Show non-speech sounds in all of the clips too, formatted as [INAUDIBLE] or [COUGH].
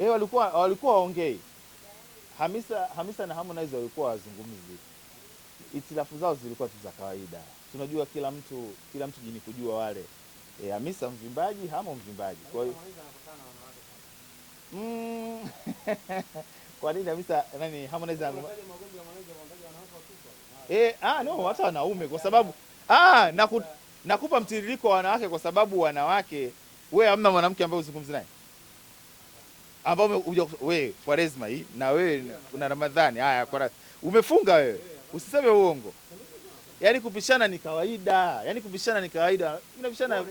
eh, walikuwa walikuwa waongei. Hamisa, Hamisa na Harmonize walikuwa wazungumzi, itilafu zao zilikuwa tu za kawaida. Tunajua kila mtu kila mtu jini kujua wale e, Hamisa mvimbaji, Hamo mvimbaji. Kwa hiyo mm, [LAUGHS] kwa nini Hamisa nani Harmonize na eh, ah no, hata wanaume kwa sababu ah, naku, nakupa mtiririko wa wanawake kwa sababu wanawake, wewe hamna mwanamke ambaye uzungumzi naye ambao unakuja wewe Kwaresma hii na wewe una Ramadhani haya kwa umefunga wewe, usiseme uongo. Yaani kupishana ni kawaida, yaani kupishana ni kawaida. Unapishana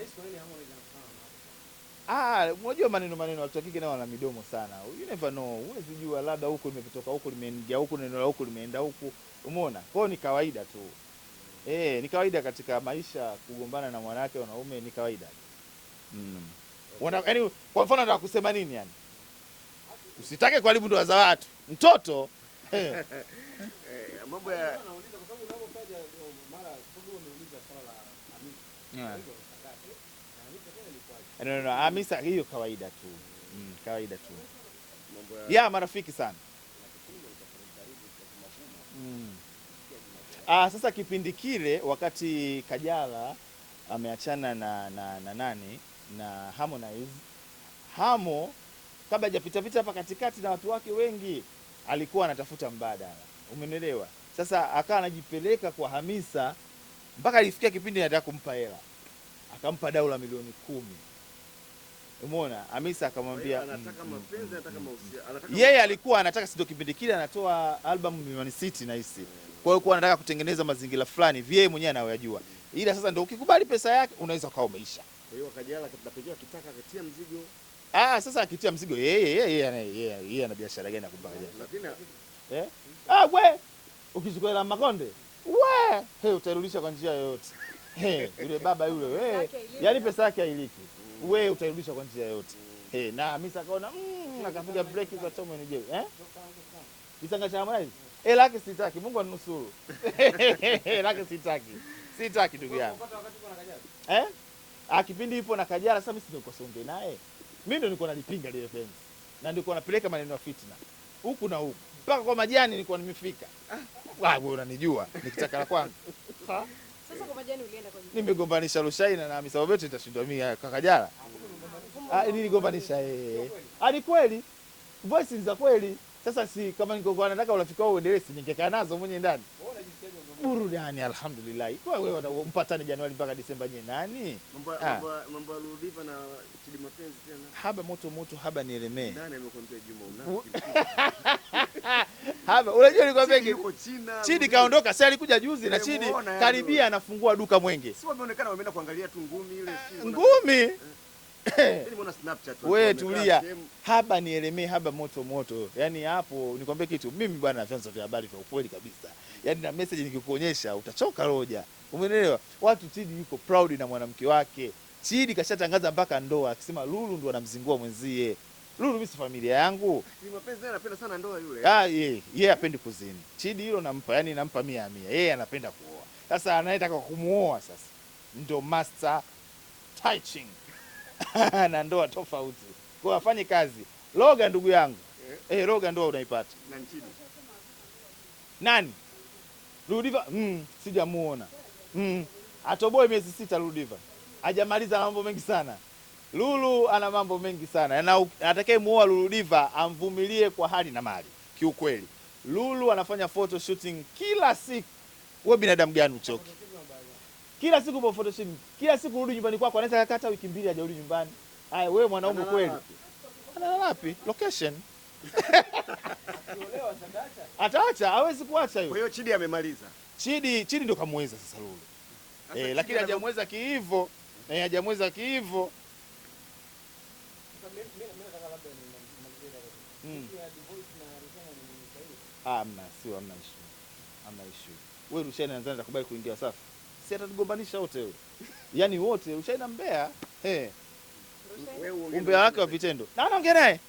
Ah, unajua maneno maneno, watu wakike nao wana midomo sana. You never know, huwezi jua, labda huko limetoka huko limeingia huko, neno la huko limeenda huko, umeona? Kwao ni kawaida tu. Eh, ni kawaida katika maisha kugombana na mwanawake wanaume, ni kawaida. Mm. Wana, yani, kwa mfano nataka kusema nini yani? Usitake kuharibu ndoa za watu mtoto [LAUGHS] eh. Eh, mambo ya No, no, Hamisa hiyo kawaida tu mm, kawaida tu ya yeah, marafiki sana mm. Ah, sasa kipindi kile wakati Kajala ameachana na, na, na nani na Harmonize Hamo kabla vita hapa katikati na watu wake wengi, alikuwa anatafuta mbadala, umenielewa? Sasa akawa anajipeleka kwa Hamisa mpaka alifikia kipindi anataka kumpa hela, akampa dau la milioni kumi. Umeona, Hamisa akamwambia mm, mm, mm, yeye alikuwa anataka, sindo kipindi kile anatoa albamu milioni sita na hisi, kwa hiyo kuwa anataka kutengeneza mazingira fulani vyeye mwenyewe anayoyajua, ila sasa ndio ukikubali pesa yake unaweza ukawa umeisha. Kwa hiyo akajala pengine akitaka akatia mzigo Ah, sasa akitia mzigo yeye yeye yeye ana biashara gani akumpa kijana? Lakini eh? Ah, we ukichukua la Makonde, we hey, utairudisha kwa njia yoyote. Hey, yule baba yule we. Yaani pesa yake hailiki. We utairudisha kwa njia yoyote. Hey, na mimi sakaona mmm akapiga break kwa Tom ni jewe. Eh? Kitanga cha Harmonize? Eh, lake sitaki. Mungu anusuru. Lake [LAUGHS] sitaki. Sitaki ndugu yangu. Eh? Ah, kipindi ipo na Kajala sasa mimi sio kwa songe naye. Mimi ndio nilikuwa nalipinga lile penzi na nilikuwa napeleka maneno ya fitna huku na huku mpaka kwa majani nilikuwa nimefika. Ah, wewe unanijua nikitaka la kwangu. Sasa kwa majani ulienda kwa nini? Nimegombanisha Rushaina na Hamisa Mobeto itashindwa mimi kaka Jara. Ah, ah, niligombanisha yeye. Ani ah, kweli. Voice za kweli. Sasa si kama ningekuwa nataka urafiki wao uendelee, si ningekaa nazo mwenye ndani burudani alhamdulillah. Kwa Wewe mpatane Januari mpaka Disemba, je, nani? Mambo ah. mambo Ludiva na Chidi Mapenzi tena. Haba moto moto, haba nielemee. Nani amekwambia Juma unafiki? [LAUGHS] Haba unajua nilikwambia Chidi, China, Chidi kaondoka, sasa alikuja juzi na Chidi karibia anafungua duka Mwenge. Si wameonekana wameenda kuangalia tu ngumi ile si ah, ngumi. Eh. [LAUGHS] We tulia, haba nielemee, haba moto moto. Yaani hapo nikwambie kitu, mimi bwana, vyanzo vya habari vya ukweli kabisa yani na message nikikuonyesha utachoka Roja, umeelewa? Watu Chidi yuko proud na mwanamke wake. Chidi kashatangaza mpaka ndoa, akisema Lulu ndo anamzingua mwenzie. Lulu mimi si familia yangu, ni mapenzi yake, anapenda sana ndoa yule. Ah, yeye yeye apendi kuzini. Chidi hilo nampa, yani nampa mia mia. Yeye anapenda kuoa. Sasa anayetaka kumuoa sasa ndo master touching [LAUGHS] na ndoa tofauti, kwa afanye kazi Roga, ndugu yangu eh, eh Roga ndoa unaipata nani? Ludiva mm, sijamuona mm. Atoboe miezi sita Ludiva, hajamaliza mambo mengi sana. Lulu ana mambo mengi sana na atakayemuoa Lulu Diva amvumilie kwa hali na mali. Kiukweli Lulu anafanya photo shooting kila siku. Wewe binadamu gani uchoke? Kila siku kwa photo shooting, kila siku rudi nyumbani kwako, anaweza kata wiki mbili hajarudi nyumbani. Haya wewe mwanaume kweli, analala wapi? Location [LAUGHS] ataacha, hawezi kuacha hiyo. Kwa hiyo Chidi amemaliza. Chidi Chidi ndo kamweza sasa Lulu. eh, lakini hajamweza kiivo na hajamweza kiivo amna, sio amna issue, amna issue. Wewe Rushaini nadhani atakubali kuingia safi, si atatugombanisha wote wewe [LAUGHS] yaani wote Rushaini na Mbea eh, umbea wake wa vitendo na anaongea naye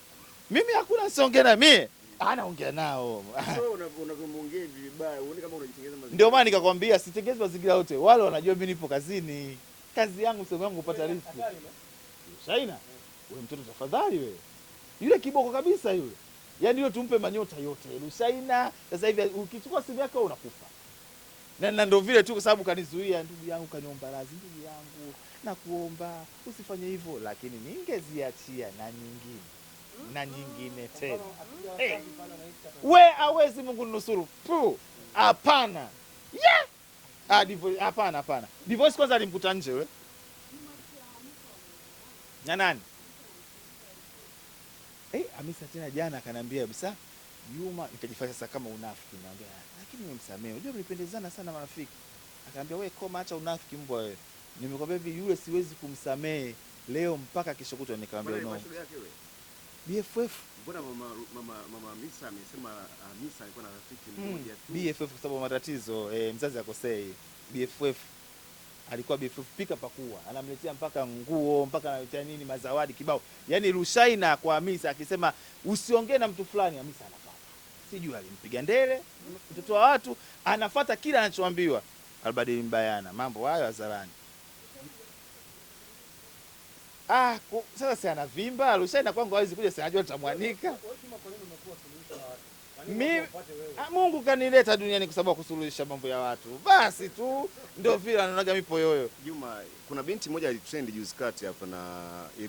mimi, hakuna siongea naye mie anaongea nao ndio maana nikakwambia sitengezi mazingira yote, wale wanajua mi nipo kazini, kazi yangu sehemu yangu kupata riziki. Shaina, wewe mtoto tafadhali, we, yule kiboko kabisa yule, yaani yule tumpe manyota yote Lushaina. Sasa hivi ukichukua simu yake unakufa na, vile tu, kwa sababu kanizuia ndugu yangu, kaniomba radhi, ndugu yangu, nakuomba usifanye hivyo, lakini ningeziachia na nyingine na nyingine tena. Hey, we awezi Mungu nusuru pu, hapana yeah. Ah, hapana hapana. kwanza alimkuta nje we na nani? Hey, eh, amisa tena jana akaniambia bisa yuma nikajifanya sasa kama unafiki, naambia lakini wewe ujua mlipendezana sana marafiki. Akaambia we koma, acha unafiki mbwa wewe. Nimekwambia hivi yule siwezi kumsamehe leo mpaka kesho kutwa, nikamwambia no. BFF. Mbona mama mama mama Hamisa amesema Hamisa ah, alikuwa na rafiki hmm. mmoja tu. BFF kwa sababu matatizo eh, mzazi akosei. BFF alikuwa BFF pika pakua, anamletea mpaka nguo mpaka analetea nini mazawadi kibao. Yaani Rushaina kwa Hamisa akisema usiongee na mtu fulani, Hamisa anafata. Sijui alimpiga ndele mtoto wa watu, anafata kila anachoambiwa. Albadi mbayana mambo hayo hadharani. Ah, sasa si anavimba lushaina na kwangu hawezi kuja, si anajua tutamwanika. Mimi ah, Mungu kanileta duniani kwa sababu kusuluhisha mambo ya watu. Basi tu ndio vile anaonaga mipo yoyo. Juma, kuna binti moja alitrend juzi kati hapa na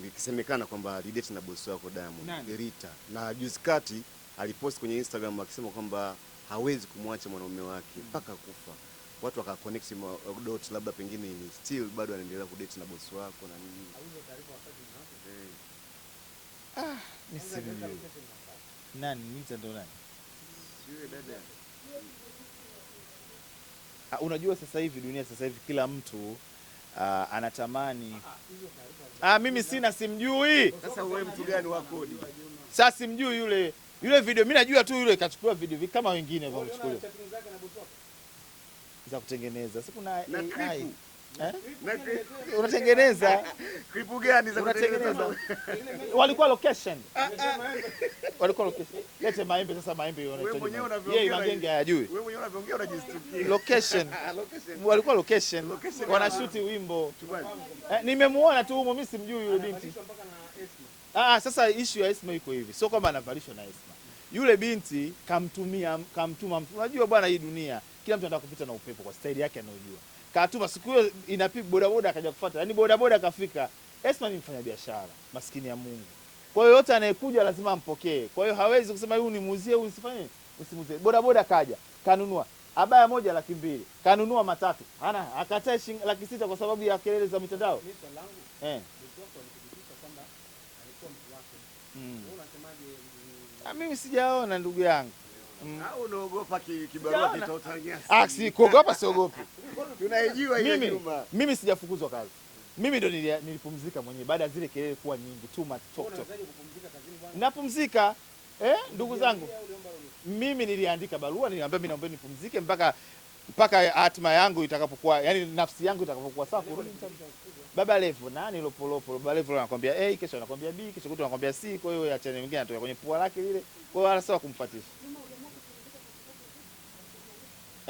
ikisemekana kwamba alidate na bosi wako Diamond, Rita. Na juzi kati alipost kwenye Instagram akisema kwamba hawezi kumwacha mwanaume wake mpaka kufa watu waka connect uh, dots, labda pengine still bado anaendelea ku date na boss wako na nini. Eh. Ah, ni siri nani mita ndo nani? Sio dada. Ah, unajua sasa hivi dunia sasa hivi kila mtu uh, anatamani ah, ah, ah, mimi sina simjui. Sasa wewe mtu gani wa kodi? Sasa simjui yule yule video, mimi najua tu yule kachukua video kama wengine wao kuchukua za kutengeneza. Si kuna AI Eh? unatengeneza kripu [LAUGHS] gani za kutengeneza? [LAUGHS] Walikuwa location, ah, ah. walikuwa location. Lete maembe sasa, maembe Wewe mwenyewe yeye magenge hayajui. Wewe mwenyewe unaongea unajistukia. [LAUGHS] Ah, location, walikuwa location, wanashuti wimbo. Eh, Nimemuona tu huko, mimi simjui yule binti. Ah, sasa issue ya Esma iko hivi, sio kwamba anavalishwa na Esma. Yule binti kamtumia, kamtuma mtu. Unajua bwana, hii dunia kila mtu anataka kupita na upepo kwa staili yake anayojua. Katuma siku hiyo inapiga bodaboda akaja kufuata. Yaani bodaboda akafika Esma ni biashara maskini ya Mungu. Kwa hiyo yote anayekuja lazima ampokee. Kwa hiyo hawezi kusema huyu nimuuzie, huyu usifanye, usimuuzie. Bodaboda kaja, kanunua. Abaya moja laki mbili, kanunua matatu. Hana akatae shilingi laki sita kwa sababu ya kelele za mitandao. Eh. Mm. Ah, mimi sijaona ndugu yangu. Mm. Ah, kuogopa siogopi. [LAUGHS] Mimi sijafukuzwa kazi. Mimi ndo nilipumzika mwenyewe baada ya zile kelele kuwa nyingi, Napumzika eh, ndugu zangu. Mimi niliandika barua, niliambia mimi naomba nipumzike mpaka mpaka hatima yangu itakapokuwa, yani nafsi yangu itakapokuwa sa kurudi. Baba Levo nani lopolopo, Baba Levo anakuambia A, eh, kesho anakuambia B, kesho kutu anakuambia C, kwa hiyo achane mwingine anatoka kwenye pua lake lile. Kwa hiyo hata kumfuatisha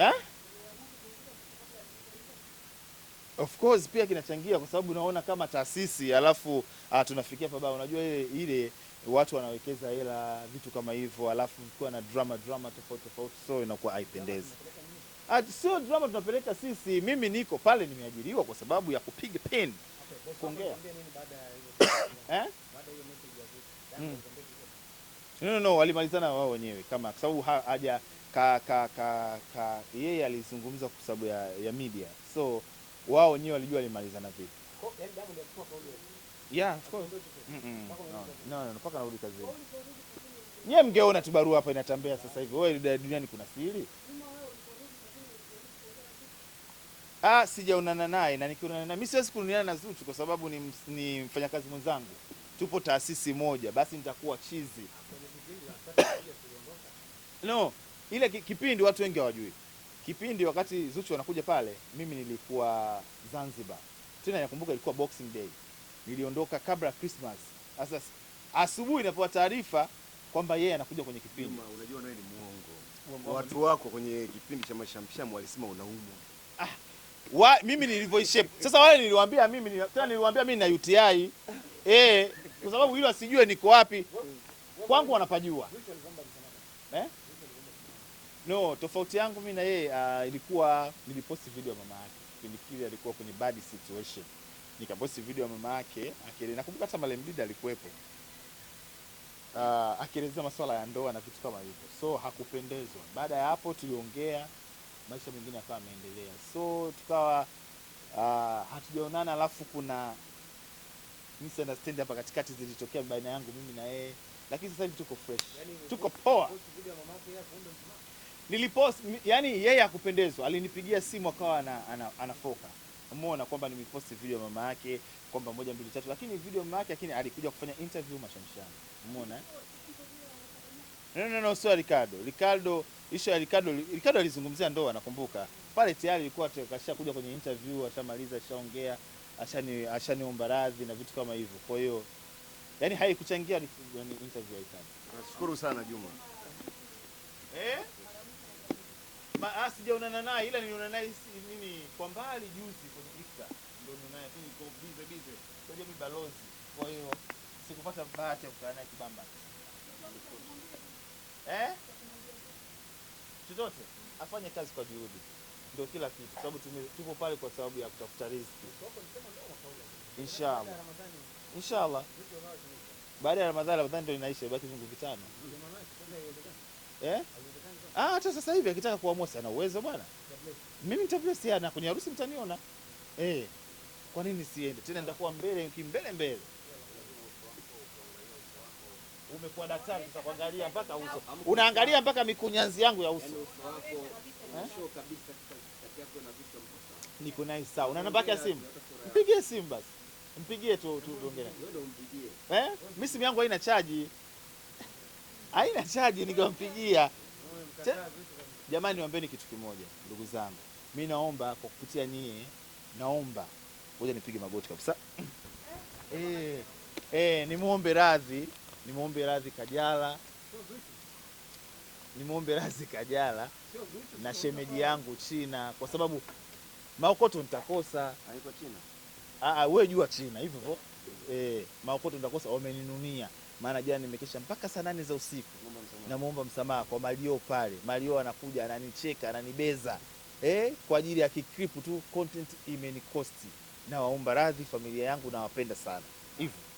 eh? Of course pia kinachangia kwa sababu unaona kama taasisi alafu a, ah, tunafikia pabaya. Unajua ile, ile watu wanawekeza hela vitu kama hivyo, alafu kuwa na drama drama tofauti tofauti, so inakuwa haipendezi. Sio drama tunapeleka sisi, mimi niko pale nimeajiriwa kwa sababu ya kupiga pen kuongea. [COUGHS] Eh? Hmm. No, no, walimalizana wao wenyewe kama kwa sababu haja ka, ka, ka, ka yeye alizungumza kwa sababu ya, ya media, so wao wenyewe walijua alimalizana vipi. Yeah, of course. Mm -mm. No, no, mpaka narudi kazini. Nyie mngeona tu barua hapa inatembea sasa hivi. Wewe duniani kuna siri? Ah, sijaonana naye na nikionana naye mimi siwezi kununiana na Zuchu kwa sababu ni, ni mfanyakazi mwenzangu. Tupo taasisi moja, basi nitakuwa chizi. No, ile kipindi watu wengi hawajui. Kipindi wakati Zuchu wanakuja pale, mimi nilikuwa Zanzibar, tena nakumbuka ilikuwa Boxing Day, niliondoka kabla Christmas. Sasa asubuhi napewa taarifa kwamba yeye anakuja kwenye kipindi. Unajua nawe ni muongo, watu wako kwenye kipindi cha mashamsham walisema unaumwa. Ah, wa, mimi nilivyoishape sasa, wale niliwaambia mimi tena niliwaambia mimi na UTI eh, kwa sababu ili asijue niko wapi kwangu, wanapajua eh? No, tofauti yangu mimi na yeye uh, ilikuwa niliposti video ya mama yake kipindi kile, alikuwa kwenye bad situation, nikaposti video ya mama yake akili, nakumbuka hata Malemdida alikuwepo uh, akielezea masuala ya ndoa na vitu kama hivyo, so hakupendezwa. Baada ya hapo tuliongea, maisha mengine yakawa yameendelea, so tukawa uh, hatujaonana. Alafu kuna misunderstanding hapa katikati zilitokea baina yangu mimi na yeye, lakini sasa hivi tuko fresh, yani tuko poa nilipost, yani yeye hakupendezwa, alinipigia simu akawa ana, ana, anafoka umeona kwamba nimeposti video ya mama yake kwamba moja mbili tatu, lakini video mama yake, lakini alikuja kufanya interview mashamshani. Umeona no, no, no, sio Ricardo. Ricardo isho ya Ricardo, Ricardo alizungumzia ndoa, nakumbuka pale tayari ilikuwa kuja kwenye interview, ashamaliza, ashaongea, ashani ashaniomba radhi na vitu kama hivyo. Kwa hiyo yani haikuchangia ni interview ya Ricardo. Nashukuru sana Juma eh? Ah, sijaonana naye ila niliona naye nini kwa mbali juzi kwenye Ikta, ndio niliona naye lakini kwa bize bize, kwa hiyo balozi, kwa hiyo sikupata bahati ya kukaa naye kibamba eh, chochote afanye kazi kwa juhudi, ndio kila kitu, sababu tuko pale kwa sababu ya kutafuta riziki, inshallah inshallah. Baada ya Ramadhani, Ramadhani ndio inaisha, baki Mungu vitano eh? Ah, hata sasa hivi akitaka kuamua sana uwezo bwana, mimi nitabless ana kwenye harusi mtaniona eh. Kwa nini siende tena? Nitakuwa mbele kimbele mbele. Umekuwa daktari, tutakuangalia mpaka uso, unaangalia mpaka mikunyanzi yangu ya uso eh? Niko naye sawa. Una namba yake ya simu? Mpigie simu basi, mpigie tu tuongee. Eh? Mimi simu yangu haina chaji haina chaji, nikampigia. Jamani, niwaambeni kitu kimoja, ndugu zangu, mi naomba kwa kupitia nyie, naomba ngoja nipige magoti kabisa [CLEARS THROAT] eh, eh, nimwombe radhi, nimwombe radhi Kajala, nimwombe radhi Kajala na shemeji yangu China, kwa sababu maokoto nitakosa. Haiko China, ah, ah, wewe jua China hivyo hivyo, eh, maokoto nitakosa, wameninunia maana jana nimekesha mpaka saa nane za usiku, namwomba msamaha kwa Mario pale. Mario anakuja ananicheka ananibeza eh, kwa ajili ya kikripu tu, content imenikosti. Nawaomba radhi familia yangu, nawapenda sana hivyo